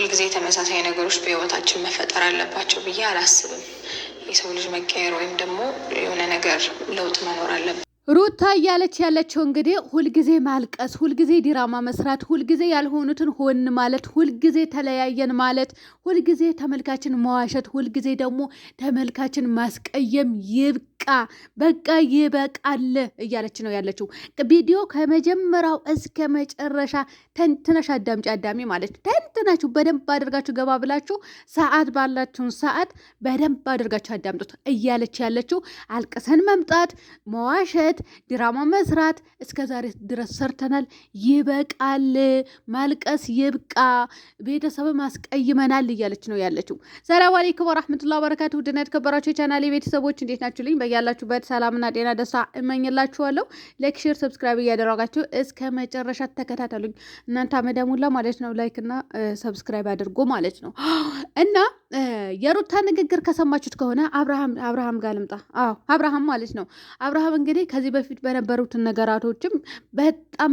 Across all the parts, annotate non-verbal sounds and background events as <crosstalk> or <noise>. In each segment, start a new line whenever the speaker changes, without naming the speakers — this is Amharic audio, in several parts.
ሁልጊዜ ተመሳሳይ ነገሮች በህይወታችን መፈጠር አለባቸው ብዬ አላስብም። የሰው ልጅ መቀየር ወይም ደግሞ የሆነ ነገር ለውጥ መኖር አለበት።
ሩታ እያለች ያለችው እንግዲህ ሁልጊዜ ማልቀስ፣ ሁልጊዜ ዲራማ መስራት፣ ሁልጊዜ ያልሆኑትን ሆን ማለት፣ ሁልጊዜ ተለያየን ማለት፣ ሁልጊዜ ተመልካችን መዋሸት፣ ሁልጊዜ ደግሞ ተመልካችን ማስቀየም ይብቅ በቃ በቃ ይበቃል እያለች ነው ያለችው። ቪዲዮ ከመጀመሪያው እስከ መጨረሻ ተንትነሽ አዳምጪ። አዳሚ ማለት ተንትናችሁ በደንብ አድርጋችሁ ገባ ብላችሁ ሰዓት ባላችሁን ሰዓት በደንብ አድርጋችሁ አዳምጡት እያለች ያለችው አልቅሰን መምጣት፣ መዋሸት፣ ድራማ መስራት እስከ ዛሬ ድረስ ሰርተናል። ይበቃል፣ ማልቀስ ይብቃ፣ ቤተሰብ ማስቀይመናል እያለች ነው ያለችው። ሰላም አለይኩም ወራህመቱላሂ ወበረካቱ ድና የተከበራችሁ የቻናሌ ቤተሰቦች እንዴት ናችሁ ልኝ በያላችሁበት ሰላምና ጤና ደስታ እመኝላችኋለሁ። ላይክ፣ ሼር፣ ሰብስክራይብ እያደረጋችሁ እስከ መጨረሻ ተከታተሉኝ። እናንተ አመደሙላ ማለት ነው። ላይክ እና ሰብስክራይብ አድርጎ ማለት ነው። እና የሩታ ንግግር ከሰማችሁት ከሆነ አብርሃም አብርሃም ጋር ልምጣ። አዎ አብርሃም ማለት ነው። አብርሃም እንግዲህ ከዚህ በፊት በነበሩትን ነገራቶችም በጣም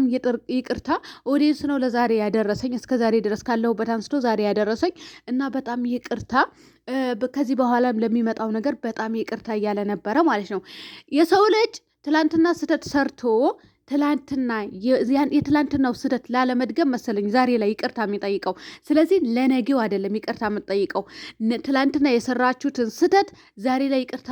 ይቅርታ ኦዲየንስ ነው ለዛሬ ያደረሰኝ እስከ ዛሬ ድረስ ካለሁበት አንስቶ ዛሬ ያደረሰኝ እና በጣም ይቅርታ ከዚህ በኋላም ለሚመጣው ነገር በጣም ይቅርታ እያለ ነበረ ማለት ነው። የሰው ልጅ ትላንትና ስህተት ሰርቶ ትላንትና የትላንትናው ስህተት ላለመድገም መሰለኝ ዛሬ ላይ ይቅርታ የሚጠይቀው። ስለዚህ ለነገው አይደለም ይቅርታ የምጠይቀው። ትላንትና የሰራችሁትን ስህተት ዛሬ ላይ ይቅርታ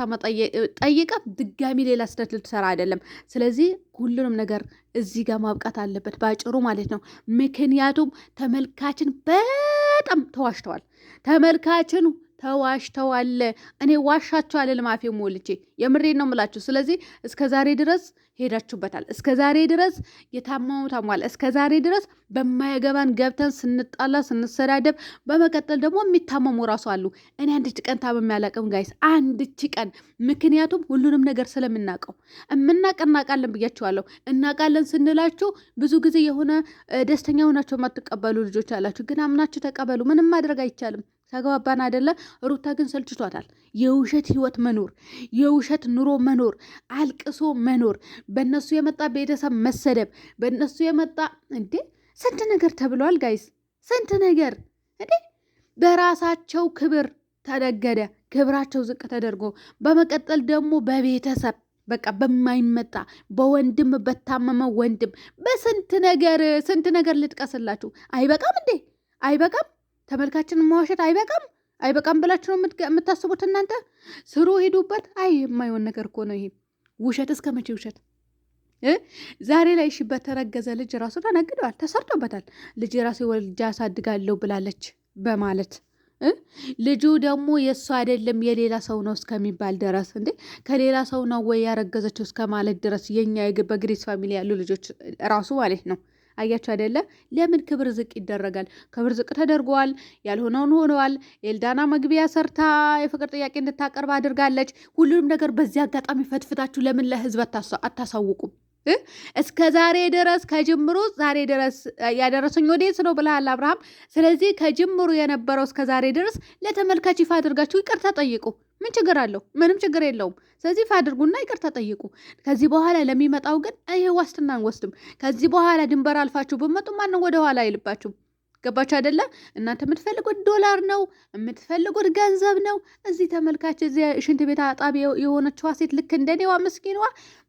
ጠይቀ ድጋሚ ሌላ ስህተት ልትሰራ አይደለም። ስለዚህ ሁሉንም ነገር እዚህ ጋር ማብቃት አለበት ባጭሩ ማለት ነው። ምክንያቱም ተመልካችን በጣም ተዋሽተዋል። ተመልካችን ተዋሽተዋል። እኔ ዋሻቸው አለ ልማፌ ሞልቼ የምሬ ነው ምላችሁ። ስለዚህ እስከ ዛሬ ድረስ ሄዳችሁበታል። እስከ ዛሬ ድረስ የታመሙ ታሟል። እስከ ዛሬ ድረስ በማያገባን ገብተን ስንጣላ ስንሰዳደብ፣ በመቀጠል ደግሞ የሚታመሙ ራሱ አሉ። እኔ አንድች ቀን ታመም ያላቅም ጋይስ፣ አንድች ቀን። ምክንያቱም ሁሉንም ነገር ስለምናውቀው እምናቅ እናቃለን ብያችኋለሁ። እናውቃለን ስንላችሁ ብዙ ጊዜ የሆነ ደስተኛ ሆናቸው የማትቀበሉ ልጆች አላችሁ፣ ግን አምናችሁ ተቀበሉ። ምንም ማድረግ አይቻልም። ተግባባን አደለ? ሩታ ግን ሰልችቷታል። የውሸት ህይወት መኖር፣ የውሸት ኑሮ መኖር፣ አልቅሶ መኖር፣ በእነሱ የመጣ ቤተሰብ መሰደብ፣ በእነሱ የመጣ እንዴ ስንት ነገር ተብለዋል ጋይስ፣ ስንት ነገር እንዴ። በራሳቸው ክብር ተነገደ፣ ክብራቸው ዝቅ ተደርጎ፣ በመቀጠል ደግሞ በቤተሰብ በቃ በማይመጣ በወንድም በታመመ ወንድም በስንት ነገር ስንት ነገር ልጥቀስላችሁ። አይበቃም እንዴ? አይበቃም ተመልካችን መዋሸት አይበቃም አይበቃም ብላችሁ ነው የምታስቡት እናንተ ስሩ ሄዱበት። አይ የማይሆን ነገር እኮ ነው ይሄ ውሸት። እስከ መቼ ውሸት? ዛሬ ላይ እሺ፣ በተረገዘ ልጅ ራሱ ተነግደዋል፣ ተሰርቶበታል። ልጅ ራሱ ወልጃ አሳድጋለሁ ብላለች በማለት ልጁ ደግሞ የእሱ አይደለም የሌላ ሰው ነው እስከሚባል ድረስ እንዴ ከሌላ ሰው ነው ወይ ያረገዘችው እስከ ማለት ድረስ የኛ በግሬስ ፋሚሊ ያሉ ልጆች ራሱ ማለት ነው አያቸው አይደለ? ለምን ክብር ዝቅ ይደረጋል? ክብር ዝቅ ተደርጓል። ያልሆነውን ሆነዋል። ኤልዳና መግቢያ ሰርታ የፍቅር ጥያቄ እንድታቀርብ አድርጋለች። ሁሉንም ነገር በዚህ አጋጣሚ ፈትፍታችሁ ለምን ለህዝብ አታሳውቁም? እስከ ዛሬ ድረስ ከጅምሩ ዛሬ ድረስ ያደረሰኝ ወዴት ነው ብለሃል አብርሃም። ስለዚህ ከጅምሩ የነበረው እስከ ዛሬ ድረስ ለተመልካች ይፋ አድርጋችሁ ይቅርታ ጠይቁ። ምን ችግር አለው? ምንም ችግር የለውም። ስለዚህ አድርጉና ይቅርታ ጠይቁ። ከዚህ በኋላ ለሚመጣው ግን ይሄ ዋስትና አንወስድም። ከዚህ በኋላ ድንበር አልፋችሁ ብመጡ ማንም ወደኋላ አይልባችሁም። ገባችሁ አይደለ? እናንተ የምትፈልጉት ዶላር ነው፣ የምትፈልጉት ገንዘብ ነው። እዚህ ተመልካች እዚህ ሽንት ቤት አጣቢ የሆነችዋ ሴት ልክ እንደኔዋ ምስኪንዋ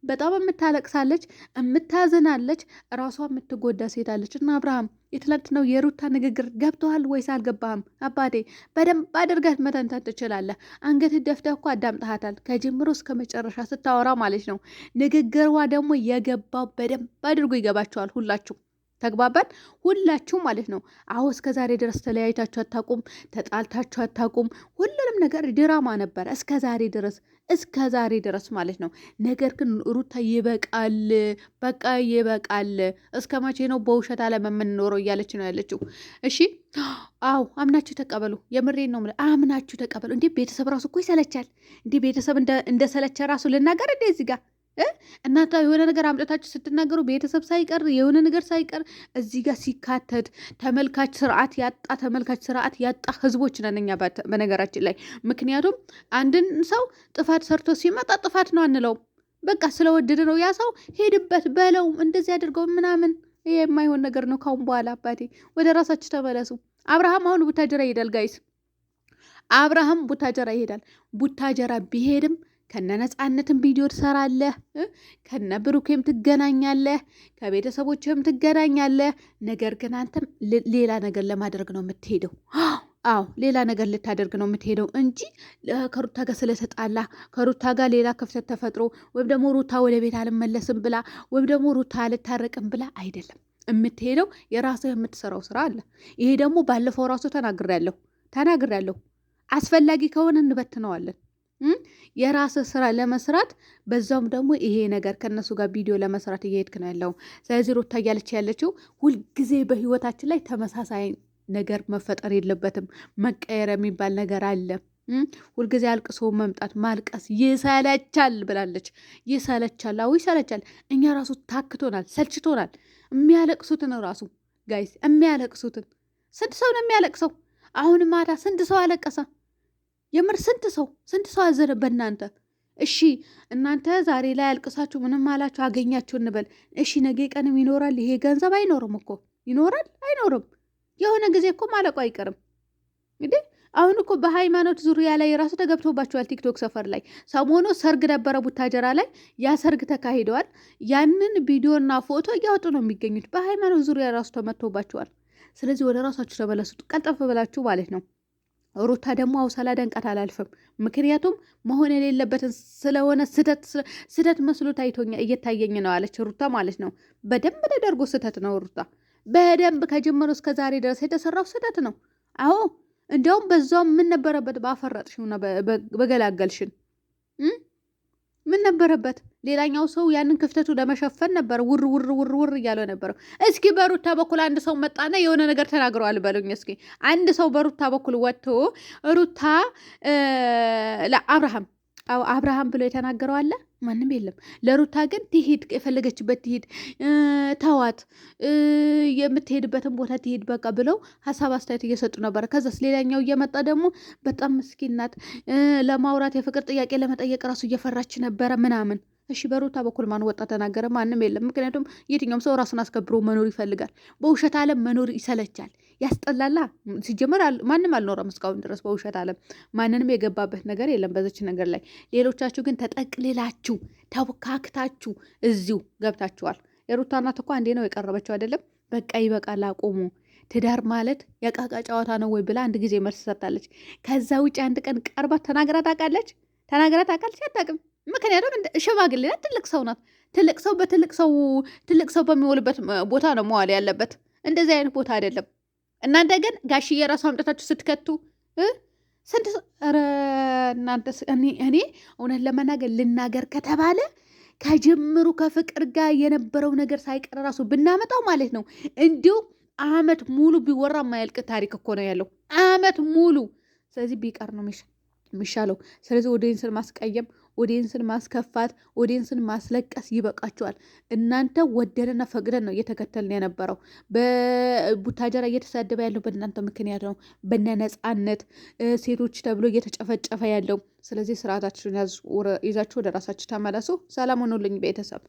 በጣም የምታለቅሳለች፣ የምታዝናለች፣ ራሷ የምትጎዳ ሴት አለች። እና አብርሃም የትላንት ነው የሩታ ንግግር ገብተዋል ወይስ አልገባህም? አባቴ በደንብ አድርገህ መተንተን ትችላለህ። አንገትህ ደፍተህ እኮ አዳምጠሃታል ከጅምሮ እስከ መጨረሻ ስታወራ ማለት ነው። ንግግሯ ደግሞ የገባው በደንብ አድርጎ ይገባቸዋል ሁላችሁ ተግባባን ሁላችሁ ማለት ነው። አሁ እስከ ዛሬ ድረስ ተለያይታችሁ አታቁም፣ ተጣልታችሁ አታቁም። ሁሉንም ነገር ድራማ ነበር እስከ ዛሬ ድረስ እስከ ዛሬ ድረስ ማለት ነው። ነገር ግን ሩታ ይበቃል፣ በቃ ይበቃል፣ እስከ መቼ ነው በውሸት ዓለም የምንኖረው እያለች ነው ያለችው። እሺ አው አምናችሁ ተቀበሉ። የምሬን ነው አምናችሁ ተቀበሉ። እንዲህ ቤተሰብ ራሱ እኮ ይሰለቻል። እንዲህ ቤተሰብ እንደሰለቸ ራሱ ልናገር እንዴ እዚህ ጋር እናንተ የሆነ ነገር አምጠታችሁ ስትናገሩ ቤተሰብ ሳይቀር የሆነ ነገር ሳይቀር እዚህ ጋር ሲካተት ተመልካች ስርዓት ያጣ ተመልካች ስርዓት ያጣ ህዝቦች ነን እኛ በነገራችን ላይ። ምክንያቱም አንድን ሰው ጥፋት ሰርቶ ሲመጣ ጥፋት ነው አንለውም። በቃ ስለወደደ ነው ያ ሰው ሄድበት በለው እንደዚህ አድርገው ምናምን። ይሄ የማይሆን ነገር ነው። ካሁን በኋላ አባቴ ወደ ራሳችሁ ተመለሱ። አብርሃም አሁን ቡታጀራ ይሄዳል ጋይስ። አብርሃም ቡታጀራ ይሄዳል። ቡታጀራ ቢሄድም ከነ ነፃነትም ቪዲዮ ትሰራለህ፣ ከነ ብሩኬም ትገናኛለህ፣ ከቤተሰቦችህም ትገናኛለህ። ነገር ግን አንተም ሌላ ነገር ለማድረግ ነው የምትሄደው። <gasps> አዎ ሌላ ነገር ልታደርግ ነው የምትሄደው እንጂ ከሩታ ጋር ስለተጣላ ከሩታ ጋር ሌላ ክፍተት ተፈጥሮ ወይም ደግሞ ሩታ ወደ ቤት አልመለስም ብላ ወይም ደግሞ ሩታ አልታረቅም ብላ አይደለም የምትሄደው። የራስህ የምትሰራው ስራ አለ። ይሄ ደግሞ ባለፈው ራሱ ተናግሬያለሁ ተናግሬያለሁ። አስፈላጊ ከሆነ እንበትነዋለን። የራስ ስራ ለመስራት በዛውም ደግሞ ይሄ ነገር ከነሱ ጋር ቪዲዮ ለመስራት እየሄድክ ነው ያለው። ስለዚህ ሩታ እያለች ያለችው ሁልጊዜ በህይወታችን ላይ ተመሳሳይ ነገር መፈጠር የለበትም። መቀየር የሚባል ነገር አለ። ሁልጊዜ አልቅሶ መምጣት ማልቀስ ይሰለቻል ብላለች። ይሰለቻል፣ አዎ ይሰለቻል። እኛ ራሱ ታክቶናል፣ ሰልችቶናል። የሚያለቅሱትን ራሱ ጋይስ፣ የሚያለቅሱትን ስንት ሰው ነው የሚያለቅሰው? አሁን ማታ ስንት ሰው አለቀሰ? የምር ስንት ሰው ስንት ሰው አዘነ በእናንተ። እሺ እናንተ ዛሬ ላይ አልቅሳችሁ ምንም አላችሁ አገኛችሁ እንበል። እሺ ነገ ቀንም ይኖራል ይሄ ገንዘብ አይኖርም እኮ ይኖራል አይኖርም። የሆነ ጊዜ እኮ ማለቁ አይቀርም እንዴ። አሁን እኮ በሃይማኖት ዙሪያ ላይ ራሱ ተገብቶባቸዋል። ቲክቶክ ሰፈር ላይ ሰሞኑ ሰርግ ነበረ ቡታጀራ ላይ ያ ሰርግ ተካሂደዋል። ያንን ቪዲዮና ፎቶ እያወጡ ነው የሚገኙት። በሃይማኖት ዙሪያ ራሱ ተመቶባቸዋል። ስለዚህ ወደ ራሳችሁ ተመለሱ፣ ቀልጠፍ ብላችሁ ማለት ነው። ሩታ ደግሞ አው ሳላደንቃት አላልፍም። ምክንያቱም መሆን የሌለበትን ስለሆነ ስህተት መስሎ ታይቶኛ እየታየኝ ነው አለች ሩታ ማለት ነው። በደንብ ተደርጎ ስህተት ነው ሩታ። በደንብ ከጀመሮ እስከ ዛሬ ድረስ የተሰራው ስህተት ነው። አዎ እንዲያውም በዛውም የምንነበረበት ነበረበት ባፈረጥሽውና በገላገልሽን ምን ነበረበት? ሌላኛው ሰው ያንን ክፍተቱ ለመሸፈን ነበር ውር ውር ውር ውር እያለ ነበረው። እስኪ በሩታ በኩል አንድ ሰው መጣና የሆነ ነገር ተናግረዋል በሉኝ። እስኪ አንድ ሰው በሩታ በኩል ወጥቶ ሩታ ለአብርሃም አብርሃም ብሎ የተናገረው አለ ማንም የለም። ለሩታ ግን ትሄድ የፈለገችበት ትሄድ፣ ተዋት፣ የምትሄድበትን ቦታ ትሄድ በቃ ብለው ሀሳብ አስተያየት እየሰጡ ነበረ። ከዛስ ሌላኛው እየመጣ ደግሞ በጣም ምስኪን ናት፣ ለማውራት የፍቅር ጥያቄ ለመጠየቅ ራሱ እየፈራች ነበረ ምናምን እሺ በሩታ በኩል ማን ወጣ ተናገረ? ማንም የለም። ምክንያቱም የትኛውም ሰው ራሱን አስከብሮ መኖር ይፈልጋል። በውሸት ዓለም መኖር ይሰለቻል፣ ያስጠላላ። ሲጀመር ማንም አልኖረም እስካሁን ድረስ በውሸት ዓለም ማንንም የገባበት ነገር የለም በዚች ነገር ላይ። ሌሎቻችሁ ግን ተጠቅልላችሁ ተካክታችሁ እዚሁ ገብታችኋል። የሩታ እናት እኮ አንዴ ነው የቀረበችው አይደለም? በቃ ይበቃል፣ አቁሙ ትዳር ማለት የቃቃ ጨዋታ ነው ወይ ብላ አንድ ጊዜ መልስ ሰጥታለች። ከዛ ውጭ አንድ ቀን ቀርባት ተናግራ ታውቃለች? ተናግራ ታውቃለች? አታውቅም። ምክንያቱም ሽማግሌ ናት፣ ትልቅ ሰው ናት። ትልቅ ሰው በትልቅ ሰው ትልቅ ሰው በሚወልበት ቦታ ነው መዋል ያለበት። እንደዚህ አይነት ቦታ አይደለም። እናንተ ግን ጋሽዬ የራሱ አምጠታችሁ ስትከቱ ስንት ኧረ እናንተ እኔ እውነት ለመናገር ልናገር ከተባለ ከጀምሩ ከፍቅር ጋር የነበረው ነገር ሳይቀር ራሱ ብናመጣው ማለት ነው እንዲሁ አመት ሙሉ ቢወራ የማያልቅ ታሪክ እኮ ነው ያለው፣ አመት ሙሉ። ስለዚህ ቢቀር ነው የሚሻለው። ስለዚህ ወደ ኢንስል ማስቀየም ኦዲየንስን ማስከፋት፣ ኦዲየንስን ማስለቀስ ይበቃቸዋል። እናንተ ወደንና ፈቅደን ነው እየተከተልን የነበረው። በቡታጀራ እየተሳደበ ያለው በእናንተ ምክንያት ነው። በነ ነጻነት ሴቶች ተብሎ እየተጨፈጨፈ ያለው። ስለዚህ ስርዓታችሁን ይዛችሁ ወደ ራሳችሁ ተመለሱ። ሰላም ሆኖልኝ ቤተሰብ